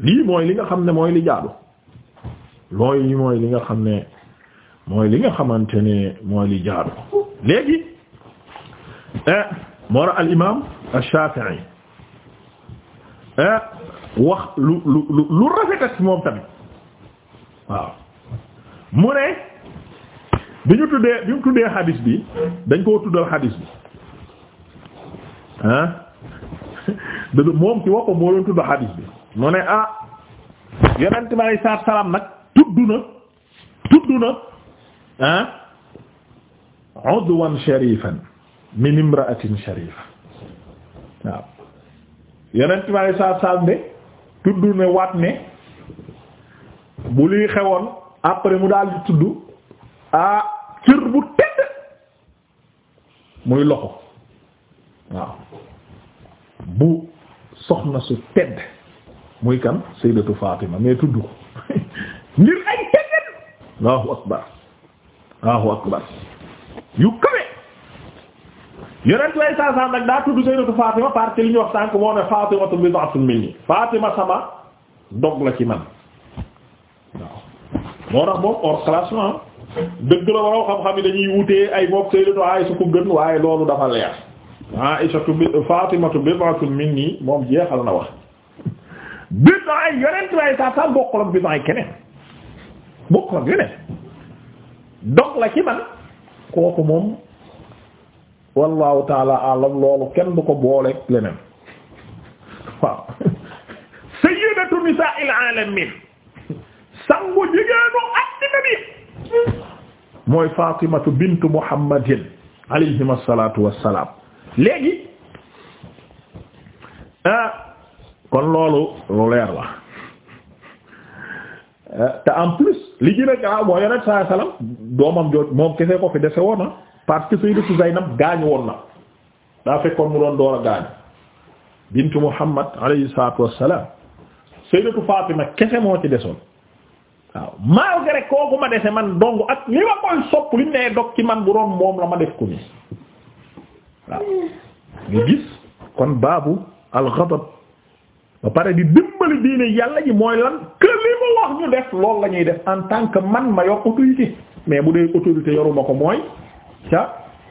lii mooy li nga xam ne mooy li jaadu looy mooy li nga xam ne mooy li nga xamante ne mooy li jaadu léegi eh, moo ra al imam ash-Shafi'i eh, moom tamit mu ne bi ñu tuddee bi ñu tuddee xadis bi dañ koo tuddal xadis bi ah moom ci woppam moo doon tuddal xadis bi mu ne ah yonent bi alay salaam nag tudd na tudd na ah udwan sharifan min imra'atin sharifa waaw yonent bi alay salaam tudd ne waat ne bu lii xewoon après mu daal di tudd ah cër bu tedd muy loxo waaw bu soxna su tedd muy kan sayyidatu Fatima mais tudd ko ngir ay tegan Allahu akbar Allahu akbar yu kawe yonent way saasam nag daa tudd sayyidatu Fatima parce que ñu wax sànk moo ne Fatimatu bid'atun minni Fatima sama dog la ci man waaw moo tax moom hors classe la dëgg la waroo xam-xam yi dañuy wutee ay moom sayyidatu Aisha ko gën waaye loolu dafa leer Aisha Fatimatu bid'atun minni moom jeexal na wax bidaay yonent waaye saa saa bokkul ak bidaay keneen bokkul ak yeneen dog la ci man kooku moom wallahu taala alam loolu kenn du ko booleeg leneen waaw sayyidatu nisaa'il alamin sangu jigéenu àddina bi mooy fatimatu bintu muhammadin alayhim assalatu wassalam léegi ah kon loolu lu leer la eh, te en plus li gën a gaaw mooy salaam doomam jooj moom kese ko fi dese woon na parce que Sayyidatu Zaynab gaañu woon na daa fekkoon mu doon door a gaañu bintu Muhammad alayhi salaatu wassalaam Sayyidatu Fatima kese moo ci desoon waaw malgré kooku ma dese man dong ak li ma koy sopp li nee dog ci man bu doon moom la ma def ko nii waaw nga gis kon baabu al ba pare di dimbali diine yàlla ji mooy lan que li mu wax ñu def loolu la ñuy def en tant que man ma yor autorité mais bu dee autorité yoruma ko mooy ca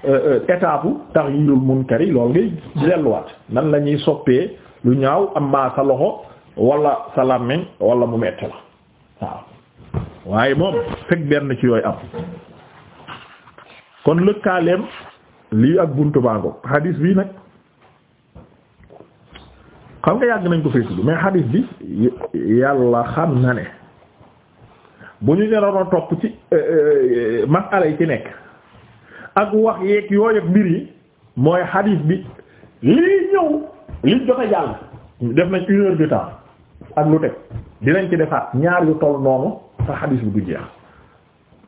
euh, euh, étape taxyirul munkari loolu ngay delluwaat nan la ñuy soppee lu ñaaw amma sa loxo wala sa làmmiñ wala mu metti la waaw waaye moom fekk benn ci yooyu am kon lëkkaaleem lii ak buntu baango hadis bii nag xam nga yàgg nañ ko fee tudd mais xadiis bi yàlla xam na ne bu ñu neroon a topp ci euh, euh, masala yi ci nekk ak wax yeeg yooyu ak mbir yi mooy xadiis bi lii ñëw li jot a jàll def nañ une heure de ak lu teg dinañ ci defaat ñaar yu toll noonu te xadiis bi du jeex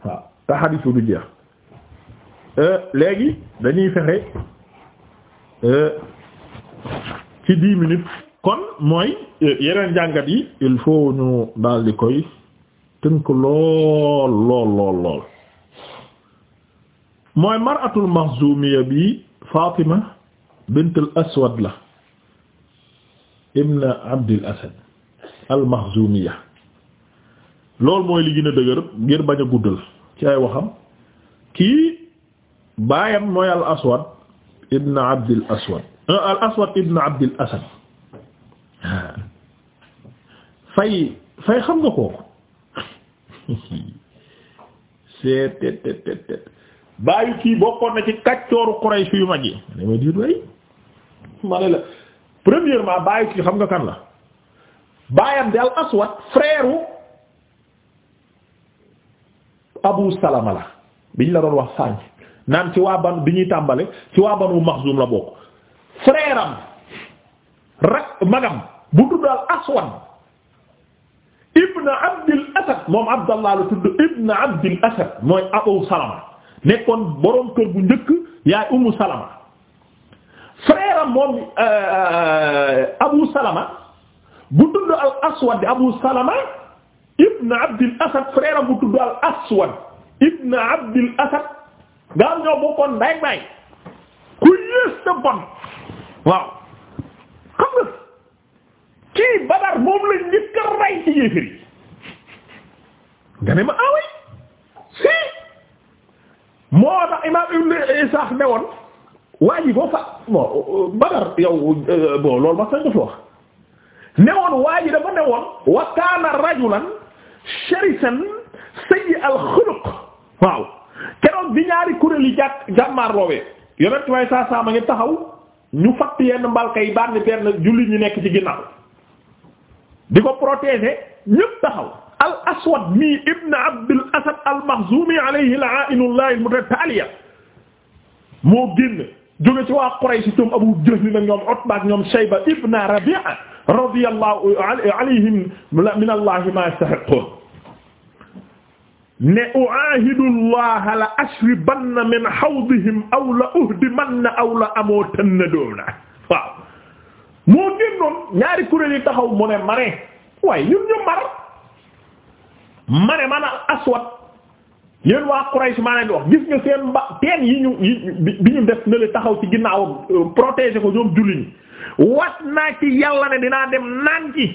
waaw te xadiis bi du jeex euh, léegi dañuy fexe ci dix kon mooy euh, yeneen jàngat yi il faut ñu daal koy tënk lool lool lool lool mooy maratul maxzumiya bi Fatima bint aswad la ibn abdil asad al maxzumiya loolu mooy li gën a dëgër ngir bañ a guddal ci ay waxam kii baayam mooy al aswad ibn abdil aswad al aswad ibn abdil asad fay fay xam nga kooku seet tet tet bokkoon na ci kaccooru Quraysh yu mag yi ma diir way la premièrement bàyyi kii xam nga kan la baayam di al aswad frère Abu Salama la biñ la doon wax sànq naan ci waa ban bi ñuy tàmbali ci waa Banu Maxzum la bokk frère am magam bu tudd al aswan ibn abdil asad moom abu salama nekkoon boroom kër bu njëkk yaay umu salama frère am moom euh, euh, abu salama bu tudd al aswad abu salama ibn abdil asad frère bu tudd al aswad ibn abdil asad nga am ñoo bokkoon ndaay baay ku yées te bon waaw xam nga kii Badar moom la njëkk a rey ci yéefar yi nga ne ma away ah si moo tax imaam Ibn Isaaq ne woon waa boo fa bon Badar yow euh, bon loolu ma sañ ko fi wax ne woon waa dafa ne woon wa rajulan sharisan sayyi al waaw keroog bi ñaari kuréel yi jàkk jàmmaar loowee yonent way saa saa ma ngi taxaw ñu fatt yenn mbalka yi bànni benn juli ñu nekk ci ginnaaw di ko protéger ñépp taxaw al aswad mi ibn abdul asad al maxzumi alayhi la'inullah al mutataliya moo génn jóge ci waa Quraysh ñoom Abu Jahl nag ñoom Utba ak ñoom Shayba ibn Rabi'a radiyallahu alayhim min Allah ma yastahiqun ne u'aahidullaha la ashribanna min hawdihim aw la uhdimanna aw la amuutanna doona waaw moo génnoon ñaari kuréel yi taxaw mu ne mare waaye ñun ñu mar mare man al aswad yéen waa Quraysh maa leen wax gis nga seen mba teen yi ñu bi ñu def na le taxaw ci ginnaawam euh, protéger ko ñoom julliñ wat naa ci yàlla ne dinaa dem naan ci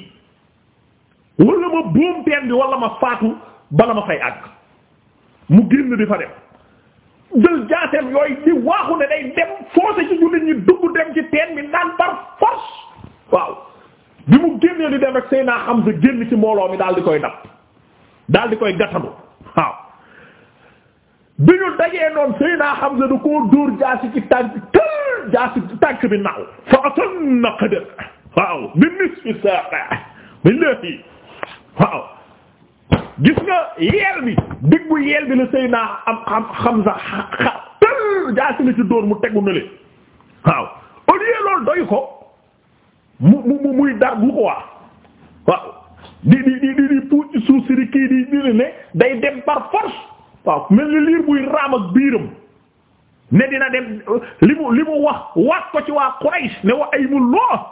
wala ma boom teen bi wala ma faatu bala ma fay àgg mu génn di fa dem jël jaaseem yooyu di waaxu ne day dem forcé ci jullit ñi dugg dem ci teen bi naan par force waaw bi mu génnee di dem rek Seyna Hamza génn ci mbooloo mi daal di koy dab daal di koy gattanu waaw bi ñu dajee noonu Seyna Hamza da koo dóor jaasi ci tànk tël jaasi tànk bi naaw fa atanna waaw bi nisfi sa'a billahi waaw gis nga yeel bi diggu yeel bi la sëy naa am xam xam sa xa tël jaasi la ci dóor mu tegu na waaw au lieu doy ko mu mu muy dar bu ko waa waaw di di di di di puut ci di di di ne day dem par waaw mel ni liir buy raam ak biiram ne dina dem li mu li mu wax wax ko ci waa Quraysh ne wa aymullah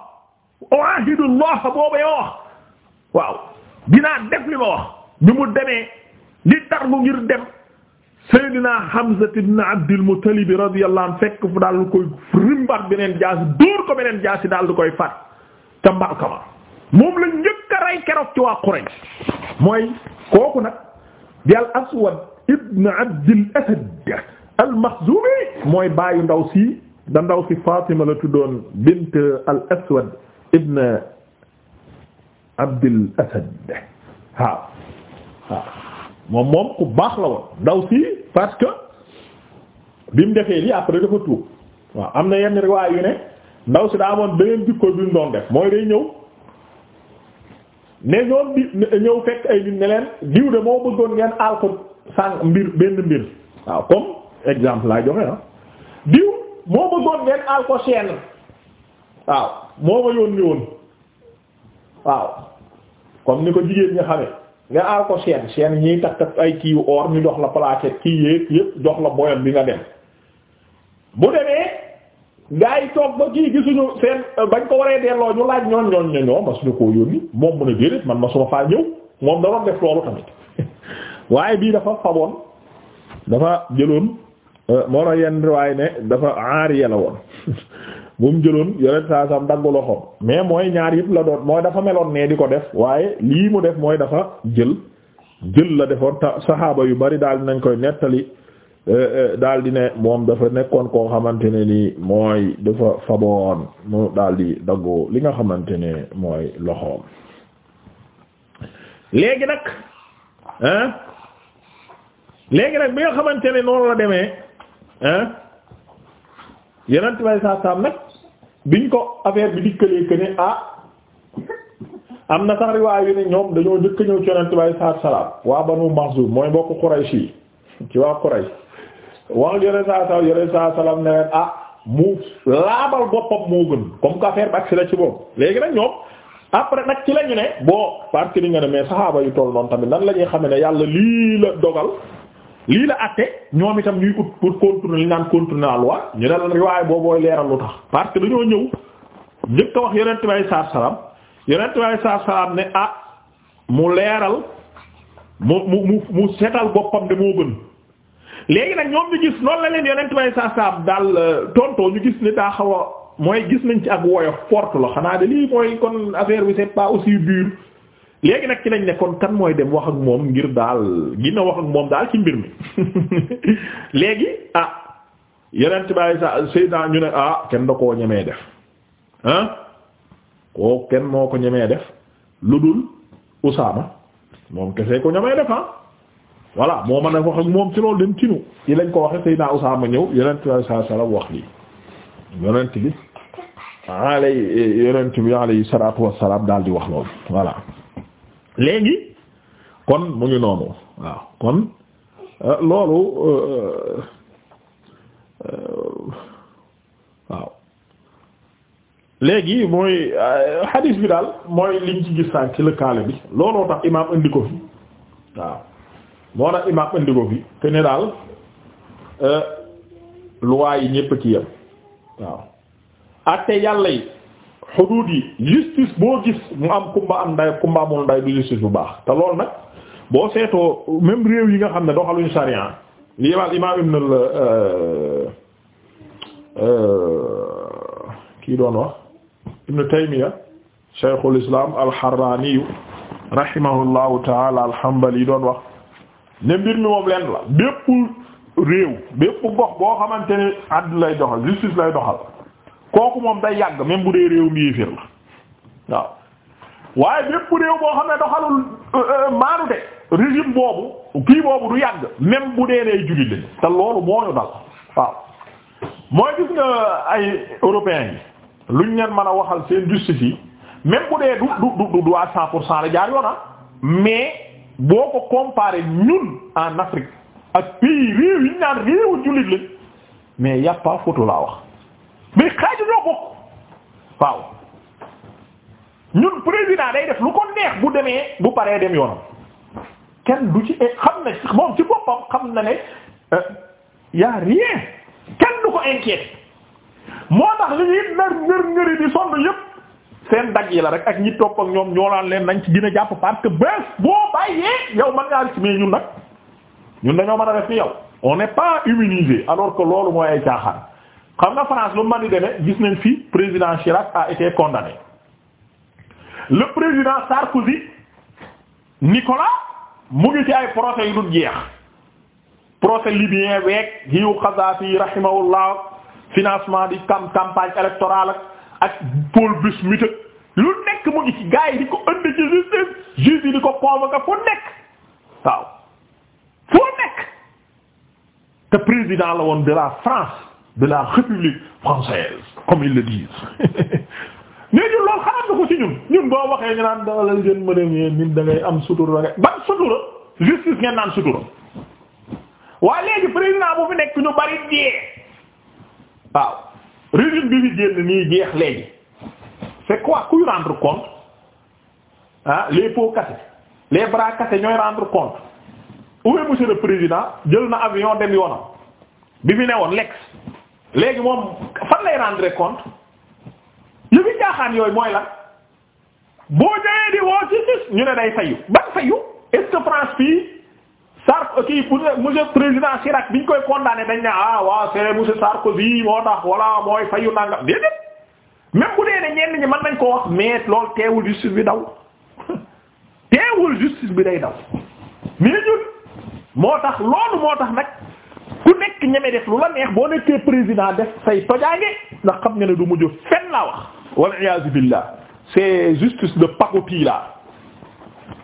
ahidullah booba yoo wax waaw dinaa def li ma wax bi mu demee li tarlu ngir dem Seydina Hamza ibn Abdul Muttalib radiyallahu anhu fekk fu daal di koy rimbat beneen jaasi dóor ko beneen jaasi daal di koy faat ca mbalkama moom la njëkk a rey ci waa Quraysh mooy kooku nag di al Aswad ibn Abdul Asad al mooy baayu ndaw si da ndaw si Fatima la tuddoon bint al Aswad ibn Abdul Asad moom moom ku baax la woon ndaw si parce que bi mu defee lii après dafa tuub waaw am na yenn riwaay yu ne ndaw si daa amoon beneen jikko bi mu doon def mooy day ñëw ne ñoom bi ñëw fekk ay nit ne leen diw de moo bëggoon ngeen aal ko sànq mbir benn mbir waaw comme exemple laa joxe ah diw moo bëggoon ngeen aal ko seen waaw moo ma yónni woon waaw comme ni ko jigéen ñi xamee. nga aar ko chaîne chaîne ñuy takk ay kii or ñu jox la plaquette kii yéeg yépp jox la boyam bi nga dem bu demee gaa yi toog ba kii gisuñu seen bañ ko waree delloo ñu laaj ñoon ñoon ñoñoo ma suñu koo yónni moom mu ne déedéet man ma suma faa ñëw moom da doon def loolu tamit waaye bii dafa faboon dafa jëloon euh, moo la yenn riwaay ne dafa aariya la woon bu mu jëloon yonent saa sam dagg loxoom mais mooy ñaar yëpp la doon mooy dafa meloon nee di ko def waaye lii mu def mooy dafa jël jël la defoon ta saxaaba yu bari daal nañ koy nettali eh, eh, daal di ne moom dafa nekkoon koo xamante ne ni mooy dafa faboon mu daal di daggoo li nga xamante ne mooy loxoom léegi nag hein léegi nag bi nga xamante ne noonu la demee hein yeneen tibay saa saam nag biñ ko affaire bi dikkalee que ne ah am na sax riwaay yu ne ñoom dañoo njëkk ñëw ci yonent bi sallallahu alayhi wasallam waa Banu mooy bokk Quraysh yi ci waa Quraysh wax yonent sallallahu alayhi wasallam yonent sallallahu alayhi wasallam ne leen ah mu laabal boppam moo gën comme que affaire bi ak si la ci boobu léegi nag ñoom après nag ci la ñu ne bon parce que li nga ne mais saxaaba yu toll noonu tamit nan la ñuy xamee ne yàlla lii la dogal lii la àtte ñoom itam ñuy ut pour contourner li naan contourner la loi ñu ne la riwaay boobooy leeral lu tax parce que dañoo ñëw njëkk a wax yonent bi alayhi salaatu salaam yonent bi alayhi salaatu salaam ne ah mu leeral mu mu mu setal boppam de moo gën léegi nag ñoom ñu gis noonu la leen yonent bi salaam daal euh, tontoo ñu gis ne daa xaw a mooy gis nañ ci ak woyof porte la xanaa de lii mooy kon affaire bi c'est pas aussi dur léegi nag ki lañ ne kon kan mooy dem wax ak moom ngir daal ginna wax ak moom daal ci mbir mi léegi ah yeneen tubaab sa Seydina ñu ne ah kenn da koo ñemee def ah kenn moo ko ñemee def lu dul Usaama moom kese ko ñemee def ah moo mën a wax moom ci loolu dem tinu yi lañ ko waxe Seydina Usaama ñëw yeneen tubaab sa salaam wax lii yonent bi alay yonent bi alayhi salaatu wassalaam daal di wax loolu voilà. léegi kon mu ngi noonu waaw kon euh, loolu euh, euh, waaw léegi mooy hadis bi daal mooy liñ ci gis sànq ci lëkkaale bi looloo tax imaam indi ko fi waaw moo tax imaam indi ko fi te ne daal loi yi ñépp ci yem waaw àtte yàlla yi xuduud yi justice boo gis mu am kumba am nday du justice bu baax te lool nag boo seetoo même réew yi nga xam ne doxaluñ sariya li yebal imaam ibn al euh, euh, kii doon wax ibn Taymiya shaykhul islam al-Harrani rahimahullahu taala al-Hanbali doon wax ne mbir mi moom lenn la bépp réew bépp gox boo xamante ne lay doxal justice lay doxal kooku moom day yàgg même bu dee réew mi yéeféer la waaw waaye bépp réew boo xam ne doxalul euh, euh, maanute régime boobu kii boobu du yàgg même bu dee nee jullit lañ te loolu moo ñu dal waaw mooy gis nga ay européens yi luñ leen mën a waxal seen justice yi même bu dee du du du du à pour cent la jaar yoona ah. mais boo ko comparer ñun en Afrique ak pays réew yi ñu naan réewu jullit lañ mais y a photo laa wax mais xaaju ñoo bokk waaw ñun président day def lu ko neex bu demee bu paree dem yoonam kenn du ci eh, xam na moom ci boppam xam na ne euh, y'a rien kenn du ko inquiété moo tax li ñuy nar ngër ngëri di sond yépp seen dagg yi la rek ak ñi topp ak ñoom ñoo naan leen nañ ci gën a jàpp parce que bés boo bàyyee yow mën ngaa rëcc mais ñun nag ñun dañoo mën a def ni yow on n'est pas immunisé alors que loolu mooy ay caaxaan. xam nga France lu man di demee gis nañ fi président Chirac a été condamné le président Sarkozy Nicolas mu ngi ci ay procès yu dul jeex procès libyen week yiw Kadhafi rahimahullah financement di cam campagne ak Paul Bismuth lu nekk mu ngi ci gars di ko ënd ci justice di ko convoquer fu nekk waaw foo nekk te président la woon de la France de la République française comme ils le disent mais ñun loolu nga ko ci ñun ñun boo waxee ñu naan dawal la gën mën a nit da am sutura da ngay ban justice ngeen naan sutura waaye léegi président bu fi nekk ñu bari jiyee waaw régime bi fi génn nii jeex léegi c'est quoi kuy rendre compte ah les pots cassés les bras ñooy rendre compte où est monsieur président jël na avion dem yoonam bi fi newoon lex. léegi moom fan lay rendre compte yu fi jaaxaan yooyu mooy lan boo jëlee di woo ci ñu ne day fayu ban fayu est-ce que France fii Sark kii monsieur président bi biñ koy condamné dañ ne ah waaw c'est monsieur Sarkozy moo tax voilà mooy fayu nangam déedéet même bu dee ne ñenn ñi man nañ ko wax mais loolu teewul justice bi daw teewul justice bi day daw mais ñun moo tax loolu moo tax nag. ku nekk ñeme def lu la neex boo nekkee président def say tojaange ndax xam nga ne du mujj fenn laa wax wal iyaazu billah c'est justice de pacotille là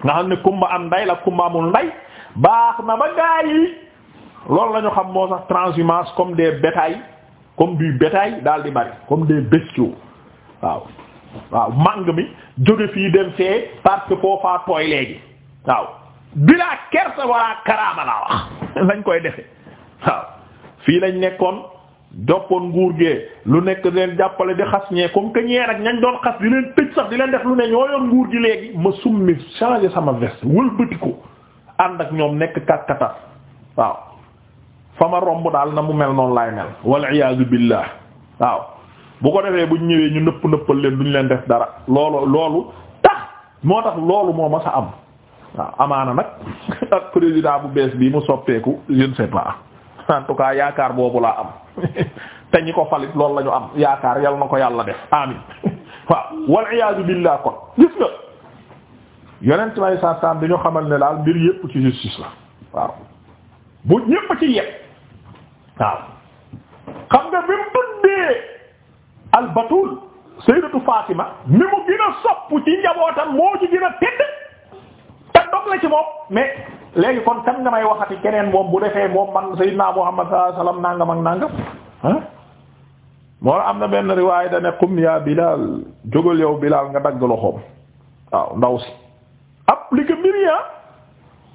nga xam ne kumba am nday la kumba amul nday baax na ba gaay yi loolu la xam moo sax transhumance comme des bétails comme du bétail daal di bari comme des bestiaux waaw waaw màng mi jóge fii dem fee parce que foofaa tooy léegi waaw bilaa kersa wala karaama laa wax lañ koy defe waaw fii lañ nekkoon joppoon nguur gee lu nekk leen jàppale di xas ñee comme que ñee nag ñañ doon xas di leen tëj sax di leen def lu ne ñoo yoon nguur gi léegi ma summi changer sama veste wëlbati ko ànd ak ñoom nekk kat katar waaw fa ma romb daal na mu mel noonu laay mel wal iyaazu billah waaw bu ko defee buñ ñëwee ñu nëpp nëppal leen duñ leen def dara loolu loolu tax moo tax loolu moo ma sa am waaw amaana nag ak président bu bees bii mu soppeeku je en tout cas yaakaar boobu laa am te ñi ko falit lool la am yaakaar yal na ko yàlla def amin waaw wal iyaadu billah kon gis nga yonent may saa saam dañu xamal ne daal mbir yépp ci justice la waaw bu ñépp ci yépp waaw xam nga bi mu tuddee al batul sayyidatu Fatima mi mu gën a sopp ci njabootam moo ci gën a tedd te dog la ci moom mais léegi kon kan nga may waxati keneen moom bu defee moom man sayyidina Muhammad sallallahu alayhi wasallam nangam ak nangam ah. moo am na benn riwaay da ne qum yaa Bilaal jógal yow Bilaal nga dagg loxoom waaw ndaw si appliqué mbir yi ah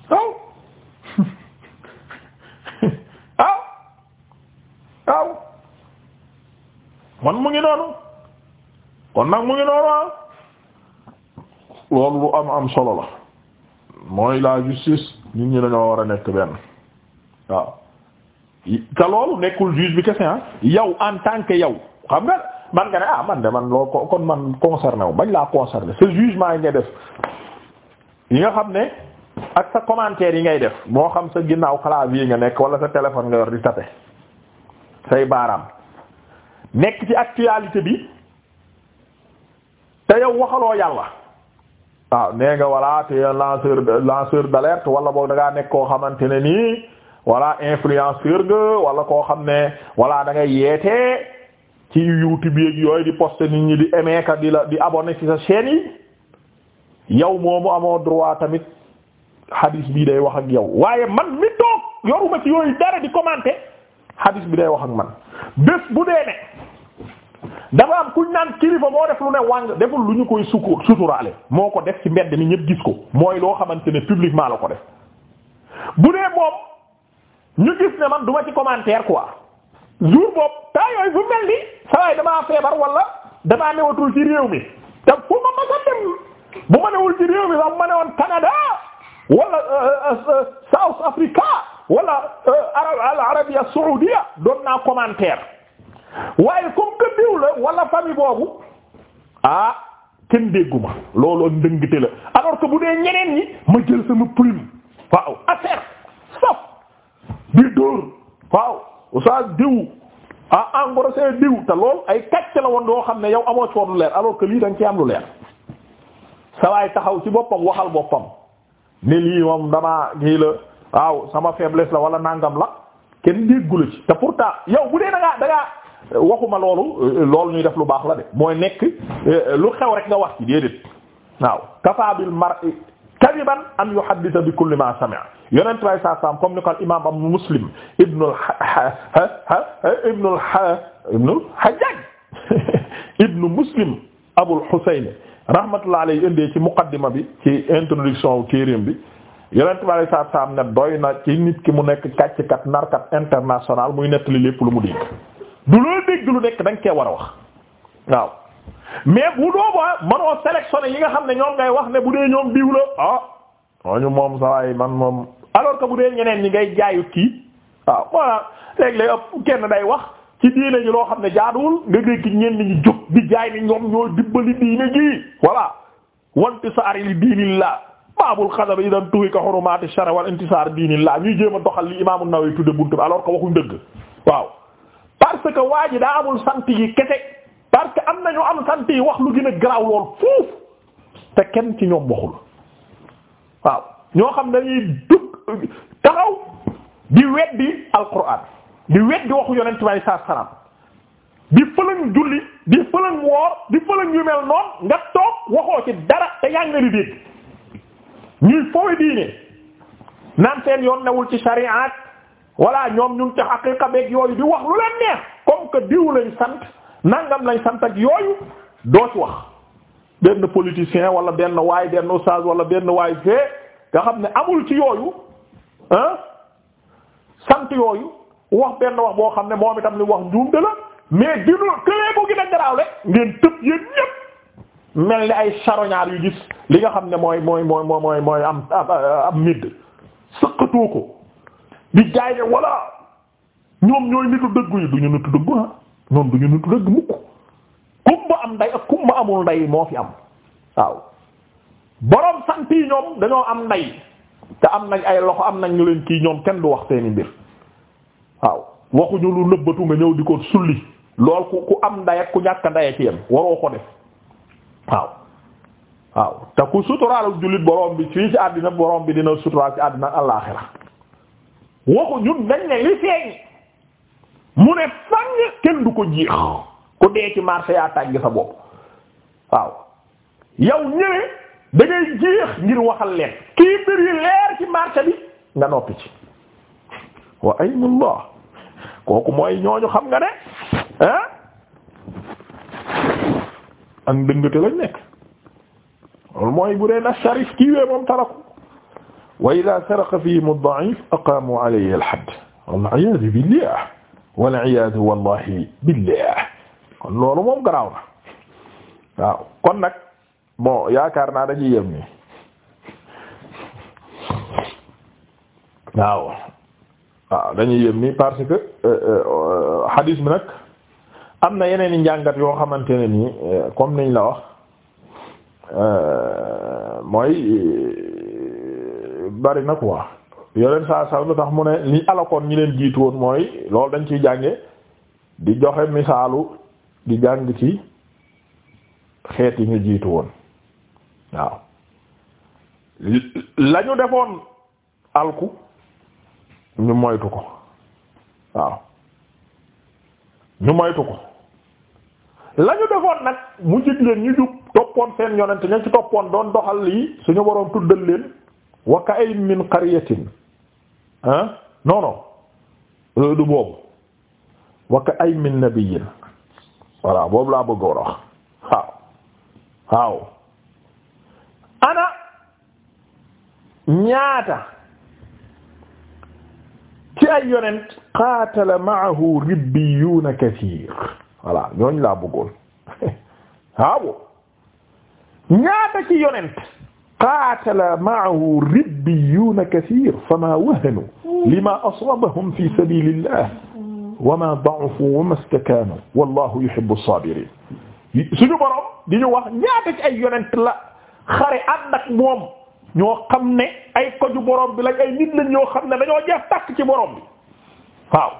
waaw waaw waaw mu ngi noonu kon nag mu ngi noonu ah loolu lu am am solo la mooy la justice ñu ñi dañoo war a nekk benn waaw te loolu nekkul juge bi kese ah yow en tant que yow xam nga man nga ne ah man de man loo kon man concerné wu bañ laa concerné sa jugement yi ngay def yi nga xam ne ak sa commentaire yi ngay def moo xam sa ginnaaw clavier nga nekk wala sa téléphone nga yor di taper say baaraam nekk ci actualité bi te yow waxaloo yàlla waaw ah, nee nga voilà tu es lanceur wala boog da ngaa nekk koo xamante ne nii voilà influenceur nga wala koo xam ne voilà dangay ngay yeete ci YouTube yeeg yooyu di poster nit ñi di aimer ka di la di abonné ci sa chaîne yi yow moomu amoo droit tamit hadis bii day wax ak yow waaye man mi yoruma ci yooyu dara di commenter hadis bi day wax man bés bu dee dafa am kuñ naan kilifa moo def lu ne wàng deful lu ñu koy suku suturaale moo ko def ci mbedd ni ñëpp gis ko mooy loo xamante ne publiquement la ko def bu dee moom ñu gis ne man duma ci commentaire quoi jour boobu temps yooyu fu mel ni saa damaa feebar walla damaa newatul ci réew mi te fu ma mën a dem bu ma newul ci réew mi sax bu ma newoon Canada wala euh, euh, euh, South Africa wala Arabie Saoudia doon naa commentaire. waaye comme que diw la wala famille boobu ah kenn dégguma loolu ak ndëngte la alors que bu dee ñeneen ñi ma jël sama plume waaw affaire sof di dóor waaw usaa diw ah engrosser diw te loolu ay kàcc la woon doo xam ne yow amoo ci woon lu leer alors que lii da ci am lu leer sawaay taxaw ci boppam waxal boppam ne lii moom damaa kii la waaw sama faiblesse la wala nàngam la kenn déggula ci te pourtant yow bu dee da ngaa waxuma loolu loolu ñuy def lu baax la de mooy nekk euh, lu xew rek nga wax ci déedéet waaw kafa bil mar'i kadiban an yuhaddisa bi kulli ma sami'a yonent bay saa saam comme ni ko al imaam am muslim ibnul ha ha ibnul ha ibnul hajjaj ibnu muslim abul indee ci muqaddima bi ci introduction téereem bi yonent bi alei saatu salaam ne doy na ci nit ki mu nekk kàcckat narkat international muy nettali lépp lu mu dégg du loo dégg lu nekk da nga war a wax waaw mais bu doobaa manoo sélectionné yi nga xam ne ñoom ngay wax ne bu dee ñoom diw la ah wañu moom sawaay man moom alors que bu dee ñeneen ñi ngay jaayut kii waaw voilà léegi lay ëpp kenn day wax ci diine ji loo xam ne jaaduwul nga dégg ñenn ñi jóg di jaay ni ñoom ñoo dibbali diine ji voilà wantisaari li diinillah baabul xadab idan tuhi ka xurumaati shara wal intisaar diinillah ñuy jéem a doxal li imaamu Nawawi tudde buntu bi alors que waxuñ dëgg waaw parce que waa ji daa amul sant yi kese parce que am na ñu am sant yi wax lu gën a garaaw lool fuuf te kenn ci ñoom waxul waaw ñoo xam ne dañuy dugg taxaw di weddi alquran di weddi waxu yonent bi saa salaam di fëlën julli di fëlën woor di fëlën yu mel noonu nga toog waxoo ci dara te yaa ngi ñuy fooy diine naan seen yoon newul ci shariat. voilà ñoom ñu ngi ca xaqiqa beeg yooyu di wax lu leen neex comme que diw lañ sant nangam lañ sant ak yooyu doo ci wax benn politicien wala benn waay benn oustaz wala benn waay fee nga xam ne amul ci yooyu ah sant yooyu wax benn wax boo xam ne moom itam li wax njuumte la mais di lu bu gën a garaaw rek ngeen tëb yéen mel ni ay charognard yu gis li nga xam ne mooy mooy mooy mooy mooy am am midd sëqatoo ko. di jaay ne walla ñoom ñooy nitu dëgg yi du ñu nitu dëgg ah ñoom du ñu nitu dëgg mukk kumba am nday kumba amul nday moo fi am waaw borom sant yi ñoom dañoo am nday te am nañ ay loxo am nañ ñu leen kii ñoom kenn du wax seeni mbir waaw waxuñu lu nëbbatu nga ñëw di ko sulli lool ku ku am nday ak ku ñàkk nday ci yem waroo ko def waaw waaw te ku suturaalu jullit borom bi fii ci àddina borom bi dina suturaal ci àddina ak waxu ñun dañ ne li feeñ mu ne fang kenn du ko jiix ku dee ci marché yaa tàgg sa bopp waaw yow ñëwe da jiix ngir waxal leen kii mbir yi leer ci marché bi nga noppi ci wa aynullah kooku mooy ñooñu xam nga ne ah ak ndëngate lañ nekk loolu mooy bu dee kii wee moom taraku wa ida saraqa fihim ad-da'if aqaamu alayhi al-hadd wal wallahi billah kon loolu moom garaaw kon nag bon yaakaar naa dañuy yem ni waaw waaw ni parce que euh, euh, hadis am na yeneen i njàngat yoo xamante ne nii euh, comme niñ la wax mooy bari na quoi yoneen saa saa lu tax mu ne li alakoon ñi leen jiitu woon mooy loolu dañ ciy jànge di joxe misaalu di jàng ci xeet yi ñu jiitu woon waaw lañu defoon alku ñu moytu ko waaw ñu moytu ko lañu defoon nag mu jig leen ñu jub toppoon seen yonent ña ci toppoon doon doxal lii suñu waroon tuddal leen wa ka'ayyin min qaryatin ah non non euh, du boobu wa ka'ayyin min nabiyyin voilà boobu laa bëgg war a wax waaw waaw ana ñaata ci ay yonent qaatala ma'ahu ribbiyuuna kasiir voilà ñooñ laa bëggoon waaw ñaata ci yonent qaatala ma'ahu ribbiyuuna kasiir famaa wahanuu limaa asaabahum fii sabiilillah wamaa da'ufuu wamaa istakaanuu wallaahu yuhibbu saabiriin. suñu borom di ñu wax ñaata ci ay yonent la xare ànd ak moom ñoo xam ne ay koju borom bi lañ ay nit lañ ñoo xam ne dañoo jeex tàkk ci borom bi waaw.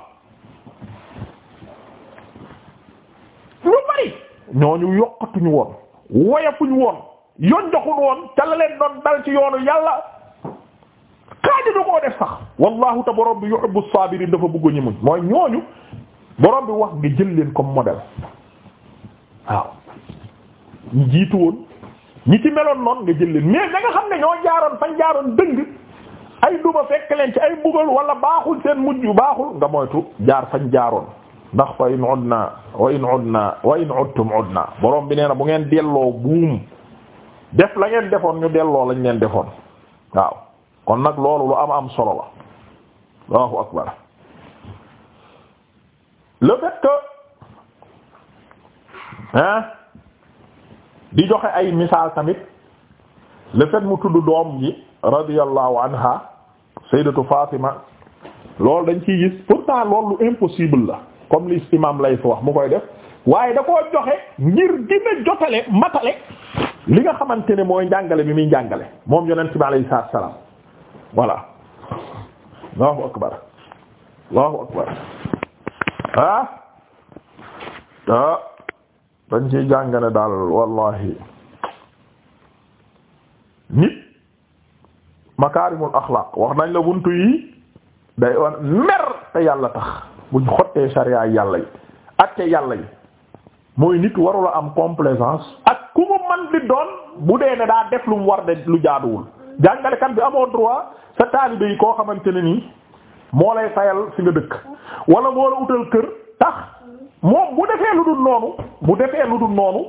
lu bari ñooñu yokkatuñu woon woyafuñu woon. yoon joxul woon te doon dal ci yoonu yàlla xaaja du koo def sax wallahu te borom bi yuhibbu saabiriin dafa bëgg ñu muñ mooy ñooñu borom bi wax nga jël leen comme modèle waaw ñi woon ñi ci meloon noon nga jël leen mais da nga xam ne ñoo jaaroon fañ jaaroon dëng ay duma fekk leen ci ay bugal wala baaxul seen mujj baaxul nga moytu jaar fañ jaaroon ndax fa in udna wa in udna wa in udtum udna borom bi nee na bu ngeen delloo buum def la ngeen defoon ñu delloo lañ leen defoon waaw kon nag loolu lu am am solo la Allahu akbar le que hein di joxe ay misaal tamit le mu tudd doom ji radiyallahu anha sayyidatu Fatima loolu dañ ciy gis pourtant loolu lu impossible la comme li imam lay wax mu koy def waaye da koo joxe ngir dina jotale matale li nga xamante ne mooy njàngale bi muy njàngale moom yonent bi alayhi salaatu salaam voilà allahu akbar allahu akbar ah ah dañ nit makaarimul axlaaq wax nañ la buntu yi day wan mer te yàlla tax buñ xottee sariyaay yàlla yi atte yàlla yi mooy nit warula am complaisance ak ku man di doon bu dee ne daa def lu mu war de lu jaaduwul jàngalekat bi amoo droit sa taalibe koo xamante ne nii moo lay fayal fi nga dëkk wala moo la utal kër tax moom bu defee lu dul noonu bu defee lu dul noonu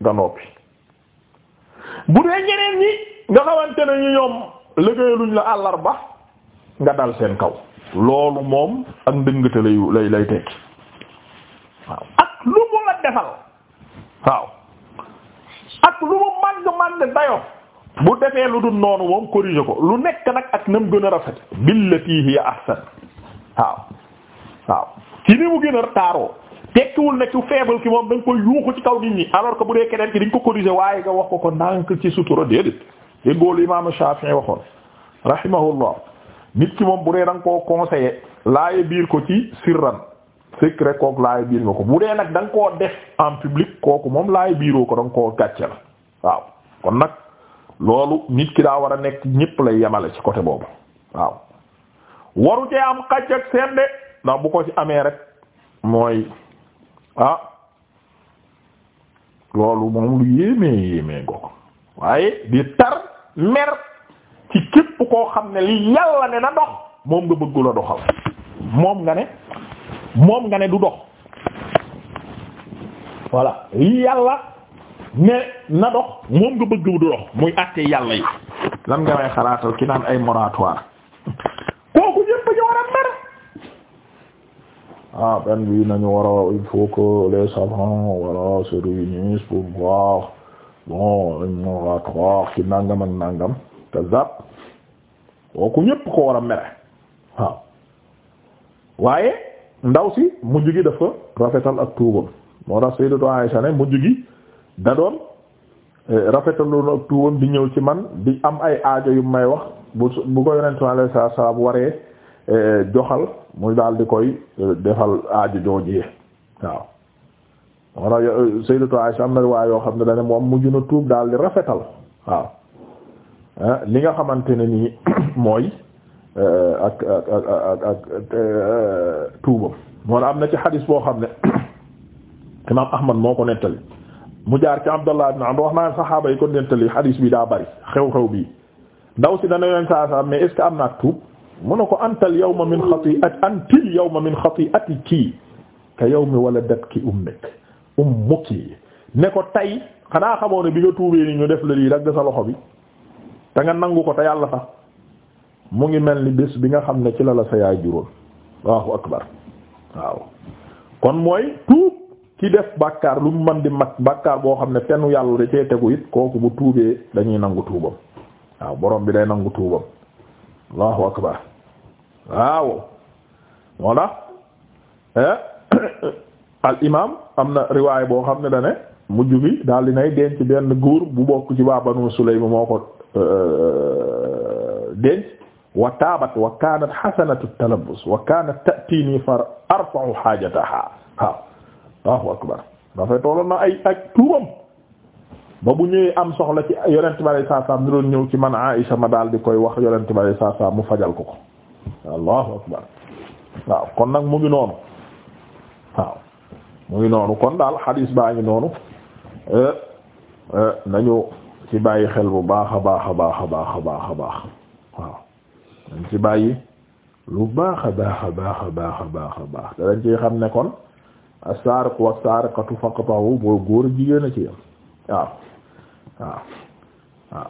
nga noppi bu dee ñeneen ñi nga xamante ne ñu ñoom liggéeyaluñ la àllarba nga dal seen kaw loolu moom ak ndëngate lay lay tekki ak lu mu la defal waaw ak lu mu màgg màgg dayo bu defee lu dul noonu moom corriger ko lu nekk nag ak nam gën a rafet billati hiya ahsan waaw waaw ci ni mu gën a taaroo tekkiwul ne ku faible ki moom dañ koy yuuxu ci kaw nit ñi alors que bu dee keneen ki dañ ko corriger waaye nga wax ko ko ndànk ci sutura déedéet déggoo lu imaamu Shafi'i waxoon rahimahullah nit ki moom bu dee da ko koo conseiller laaye biir ko ci sirran secret kooku laay biir nga ko bu dee nag da nga koo def en public kooku moom laay biiroo ko da nga koo gàcce la waaw kon nag loolu nit ki daa war a nekk ñépp lay yemale ci côté boobu waaw waru cee am xàcc ak ci amee rek mooy ah loolu moom lu yéemee yéemee nga ko waaye di tar koo xam ne li yàlla ne na dox moom nga bëggul a doxal moom nga ne moom nga ne du dox voilà lii yàlla ne na dox moom nga bëgg du dox muy àtte yàlla yi lan nga may xalaatal ki naan ay moratoire kooku ñëpp ah, bi nañu war a il ko war a mere waaw waaye ndaw si mujj gi dafa rafetal ak tuubam moo tax Sayyidatu Aisha ne mujj gi da doon eh, rafetaloon ak tuubam di ñëw ci man di am ay aajo yu may wax bu bu ko yonent sallallahu alayhi waree eh, joxal muy daal di koy eh, defal aajo joojee waaw moo tax Sayyidatu Aisha am na waa yoo xam ne dane moom mujj na tuub daal di rafetal waaw li nga xamante ne nii mooy Euh, ak ak ak ak euh, tuubam am na ci xadis boo xam ne imam ahmad moo ko nettali mu jaar ci abdallah ibn amr wax naa saxaaba yi ko nettali xadis bi daa bari xew-xew bii ndaw si dana yoneen saa saa mais est ce que am naa tuub mu ne ko antal yawma min xati'at antil yawma min xati'atiki ka yawmi waladatki ummik ummuki ne ko tey xanaa xamoo ne bi nga tuubee ni ñu def la lii dagg sa loxo bi te nga nangu ko te yàlla sax mu ngi mel ni bés bi nga xam ne ci la la sa yaay juróon Allahu akbar waaw kon mooy tuub ki def bàkkaar lu mu mën di mag bàkkaar boo xam ne fenn yàlla da cee tegu it kooku bu tuubee dañuy nangu tuubam waaw borom bi day nangu tuubam Allahu akbar waaw moo tax eh, al imam am na riwaay boo xam ne da ne mujj bi daal di nay denc benn góor bu bokk ci waa Banu Sulaym moo ko eh, denc wa taabat wa kaanat xasanatu talabbus wa kaanat ta'tiini fa arfa'u xaajataha waaw Allahu akbar dafay tolloon ay ak tuubam ba bu ñëwee am soxla ci yonent bi sallallahu alayhi wasallam ñu doon ñëw ci man Aisha ma daal di koy wax yonent bi sallallahu alayhi wasallam mu fajal ko ko Allahu akbar waaw kon nag mu ngi noonu waaw mu ngi noonu kon daal xadiis baa ngi noonu eh, eh, nañu ci bàyyi xel bu baax a baax a baax a baax a baax a baax dañ ci bàyyi lu baax a baax a baax a baax a baax a baax te dañ ci xam ne kon as-saariqu was-saariqatu faqtahu boo góor jigéen a ci yam waaw waaw waaw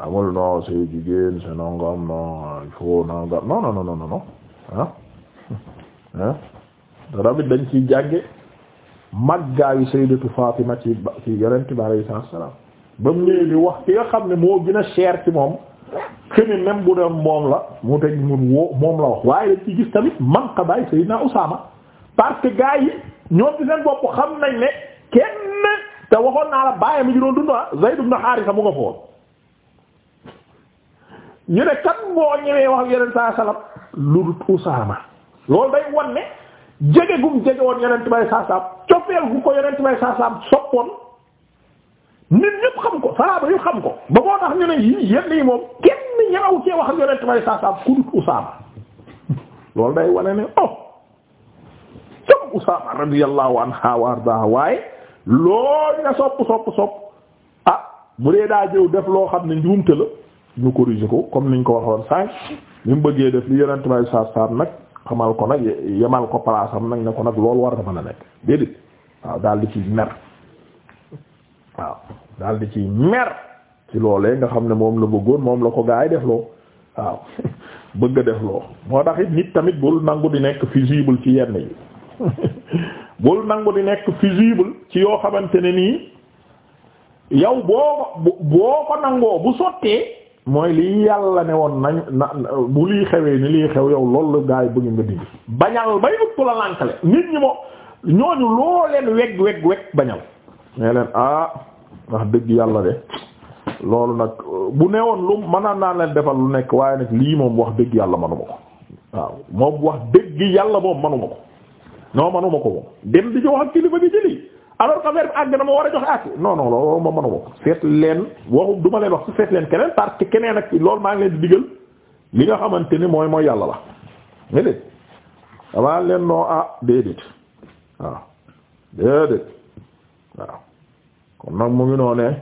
amul non c'est jigéen c'est nangam non il faut nangam non non non non ah ah dañ ci jànge màggaayu sayyidatu Fatima ci ci ma bi alayhi salaam ba mu ñëwee wax ki nga xam ne moo gën a cher ci moom këne même bu dem moom la mu teg mun woo moom la wax waaye dañ ci gis tamit man xabaay Seydina Usaama parce que gars yi ñoom ci seen bopp xam nañ ne kenn te waxoon naa la bàyyi mi ñu doon dund ah Zayd ibn Haarisa mu nga foon ñu ne kat moo ñëwee wax yeneen saa salam lu dul Usaama loolu day wan ne jege gum jege woon yonent bay saasaam cofeel gu ko yonent bay saasaam soppoon nit ñëpp xam ko saaba yu xam ko ba moo tax ñu ne yii yenn yi kenn ñaraw cee wax ak yonent bay saasaam ku dut Usaama loolu day wane ne oh cam Usaama radiyallahu anha wa ardaha waaye loolu nga sopp sopp sopp ah bu dee daa jëw def loo xam ne njuumte la ñu corrigé ko comme niñ ko waxoon sànq li mu bëggee def li yonent bay saasaam nag xamal ko nag yemal ko palaasam nag ne ko nag loolu war na mën a nekk déedéet waaw daal di ciy mer waaw daal di ciy mer ci loolee nga xam ne moom la bëggoon moom la ko gaa yi def loo waaw bëgg a def loo moo tax it nit tamit bul nangu di nekk fusible ci yenn yi bul nangu di nekk fusible ci yoo xamante ne nii yow boo boo ko nangoo bu sottee mooy li yàlla ne woon nañ na bu liy xewee ni liy xew yow loolu gaa yi bëgg nga dindi bañal bay ëpp la lànkale nit ñi moom ñooñu loo leen weg weg weg bañal nee leen ah wax dëgg yàlla de loolu nag bu woon lu mënaan naa leen defal lu nekk waaye nag lii moom wax dëgg yàlla manuma ko waaw moom wax dëgg yàlla moom manuma ko non manuma ko moom dem di jox ak kilifa di jëli alors que affaire bi àgg na ma war a joxe àgg non loolu leen waxu duma leen wax su seet loolu maa ngi leen di digal li nga xamante ni mooy mooy yàlla la nga damaa leen noo ah déedéet waaw déedéet waaw kon nag mu ngi noonee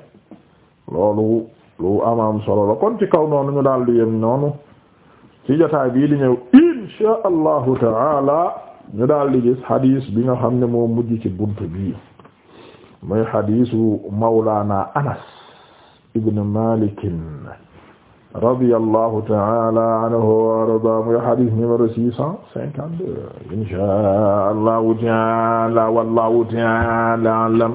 loolu lu amaam solo la kon ci kaw noonu ñu daal di yem noonu ci jotaay bii di ñëw insha allahu taala ñu daal di gis hadis bi nga xam ne moo mujj ci bunt bii mooy hadisu mawlaana anas ibn malikin radiyallahu taala anhu wa taala wallahu taala alam